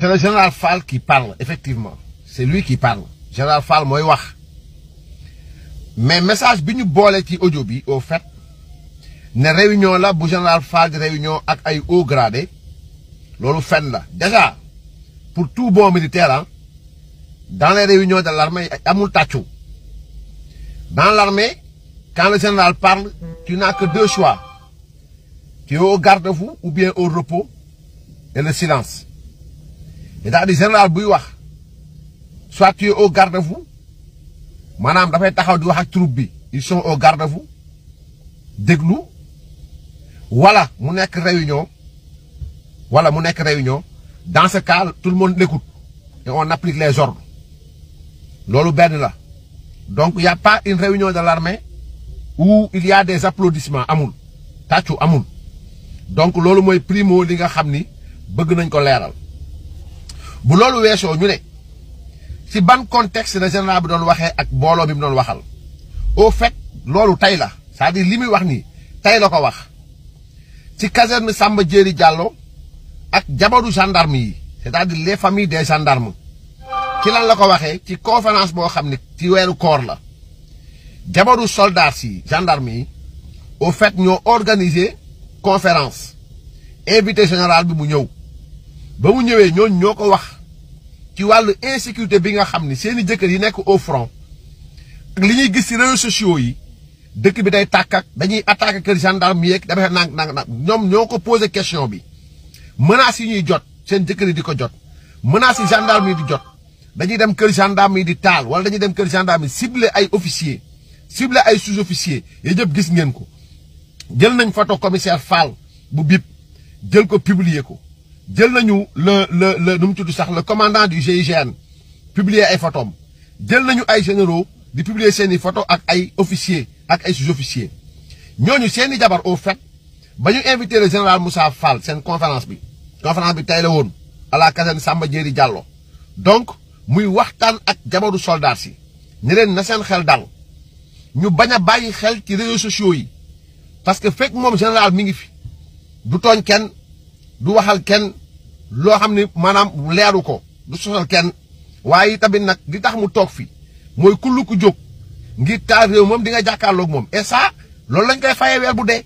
C'est le général Fall qui parle, effectivement. C'est lui qui parle. Général Fall moi, wax mais message que nous avons ci au fait les réunion la le général Fall di réunion ak ay haut gradé fen déjà pour tout bon militaire hein, dans les réunions de l'armée il amul tacho. dans l'armée quand le général parle tu n'as que deux choix tu es au garde vous ou bien au repos et le silence et dans le général buy wax soit tu es au garde vous Madame, je taxaw di wax troupe ils sont au garde que vous Voilà, Voilà, mu une réunion Voilà mon réunion dans ce cas tout le monde l'écoute et on applique les ordres Lolo là. donc il n'y a pas une réunion de l'armée où il y a des applaudissements Amoul. tachou, Amoun. donc loolu moi, primo li nga xam bu lolou weesoo ñu ban contexte général bi doon waxé ak bolo bi doon au fait la c'est-à-dire limi wax ni. tay la ko wax ci caserne Samba jeri Diallo gendarme c'est-à-dire les familles des gendarmes ci lan la ko conférence pour xamni ci koor la soldats gendarme au fait ñoo organiser conférence invité général bi mu ba mu ñëwee ñooñu ñoo ko wax ci wàllu insécurité bi nga xam ni seeni jëkkër yi nekk au front ak li ñuy gis ci réseaux sociaux yi dëkk bi day tàkk ak dañuy attaqué kër gendarme yeeg dafa nang nang nang ñoom ñoo ko posé question bi menaces yi ñuy jot seen jëkkër yi di ko jot menaces yi gendarme yi di jot dañuy dem kër gendarme yi di taal wala dañuy dem kër gendarme yi ciblé ay officiers ciblé ay sous-officiers yooyu yëpp gis ngeen ko jël nañ photo commissaire Fall bu bip jël ko publier ko. jël nañu le le le nu mu tudd sax le commandant du GIGN publier ay photom jël nañu ay généraux di publier seeni photo ak ay officiers ak ay sous-officiers ñooñu seeni jabar au fait ba ñu invité le général Moussa Fall seen conférence bi conférence bi tey la woon à la caserne Samba Diéry Diallo donc muy waxtaan ak jabaru soldat si ne leen na seen xel dal ñu bañ a bàyyi xel ci réseaux sociaux yi parce que fekk moom général mi ngi fi du tooñ kenn du waxal ken lo xamni manam leeru ko du sosal ken waye tamit nak di tax mu tok fi moy kullu ku jog ngir ta rew mom di nga jakarlo mom et ça loolu lañ koy fayé wel bu dé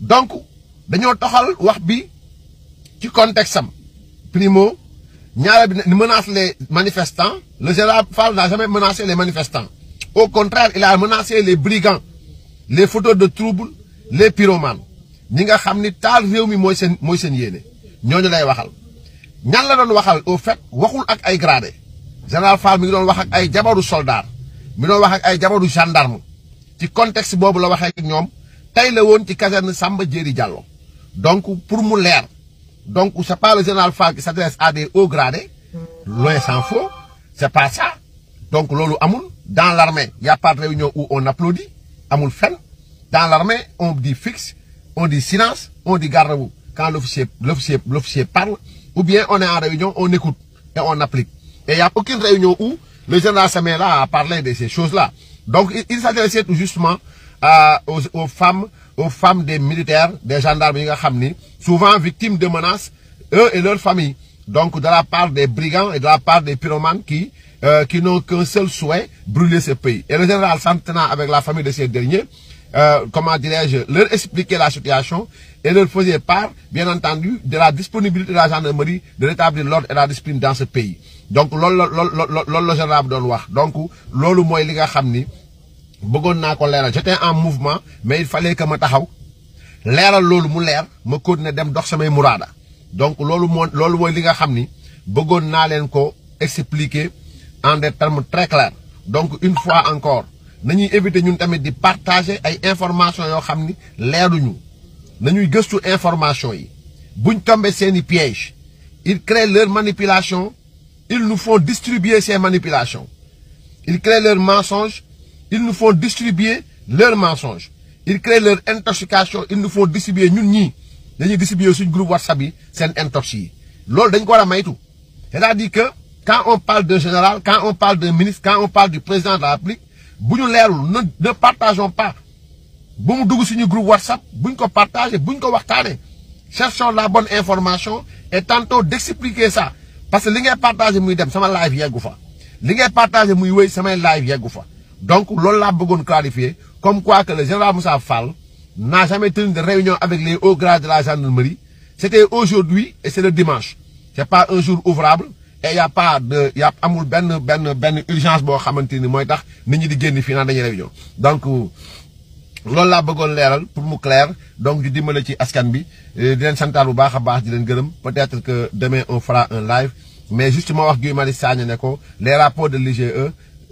donc dañoo toxal wax bi ci contexte am primo ñaara bi menace les manifestants le général Fall n'a jamais menacé les manifestants au contraire il a menacé les brigands les fauteurs de troubles les pyromanes ñi nga xam ni taal réew mi mooy seen lay waxal ñan la doon waxal au fait waxul ak ay gradé général Fall mi ngi doon wax ak ay jabaru soldat mi doon wax ak ay jabaru gendarme ci contexte boobu la waxee ak ñoom tey la woon ci caserne Samba Djeri Diallo donc pour mu leer donc c'est pas le général Fall qui s'adresse à des hauts gradés loin s'en faut c'est pas ça donc amul dans l'armée y a pas de réunion où on applaudit amul fenn dans l'armée on dit fixe on dit silence, on dit garde-vous quand l'officier parle, ou bien on est en réunion, on écoute et on applique. Et il n'y a aucune réunion où le général Samuel a parlé de ces choses-là. Donc il, s'intéressait tout justement euh, aux, femmes, aux femmes des militaires, des gendarmes, souvent victimes de menaces, eux et leurs familles. Donc de la part des brigands et de la part des pyromanes qui, euh, qui n'ont qu'un seul souhait, brûler ce pays. Et le général s'entraînant avec la famille de ces derniers, euh, comment dirais-je, leur expliquer la situation et leur poser part, bien entendu, de la disponibilité de la gendarmerie de rétablir l'ordre et la discipline dans ce pays. Donc, lolo ce que général de wax donc lolo ce li nga xam dire. j'étais en mouvement mais il fallait que je taxaw leeral loolu mu leer ma continuer dem dox samay donc lolo moo loolu li nga expliquer en des termes très clairs donc une fois encore nous éviter de tamit partager ay informations. yo xamni ni leeruñu nañuy gëstu information yi buñ tombé piège ils créent leurs manipulations, ils nous font distribuer ces manipulations ils créent leurs mensonges, ils nous font distribuer leurs mensonges. ils créent leur intoxication ils nous font distribuer ñun ñi dañuy distribuer suñ groupe whatsapp c'est seen intoxication. lool dañ ko avons maytu c'est-à-dire que quand on parle de général quand on parle de ministre quand on parle du président de la République nous ne partageons pas bu mu dans le groupe WhatsApp nous partagez ko partagé cherchons la bonne information et tentons d'expliquer ça parce que ce ngay partagé c'est dem live Nous fa li ngay c'est live donc nous l'a clarifier comme quoi que le général Moussa Fall n'a jamais tenu de réunion avec les hauts grades de la gendarmerie c'était aujourd'hui et c'est le dimanche c'est pas un jour ouvrable il y' a pas de y' a ben ben ben urgence pour xamanteni moy tax nit ñi di génn fi dañuy donc euh, lool la bëggoon pour mu clair donc je dis ci askan bi euh, di len santal bu baax peut-être que demain on fera un live mais justement wax les rapports de l'IGE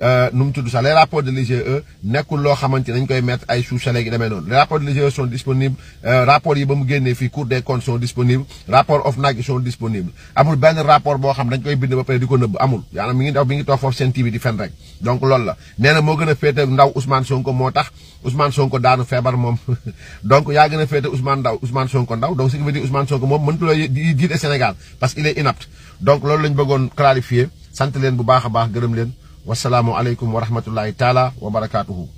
euh, nu mu tudd sax les rapports de l'IGE nekkul lo xamanteni dañ koy mettre ay sous-scellés gi non noonu les rapports de l'IGE sont disponibles euh, rapports yi bamu mu fi fii Cour des comptes sont disponibles rapport of yi sont disponibles amul ben rapport bo xam dañ koy bind ba paré diko neub nëbb amul yaanaam mi ngi daw mi ngi toog foofu seen TV di fen rek donc lool la néna mo gëna fété ndaw Ousmane Sonko moo tax Ousmane Sonko daanu feebar mom donc ya gëna a Ousmane ndaw Ousmane Sonko ndaw donc ce qui veut dire Ousmane Sonko moom mënutuloo di di Sénégal parce qu'il est inapte donc lool lañ bëggone clarifier sante leen bu baaxa baax gërëm leen wasalaamu aleykum wa rahmatullahi taala wa barakaatuhu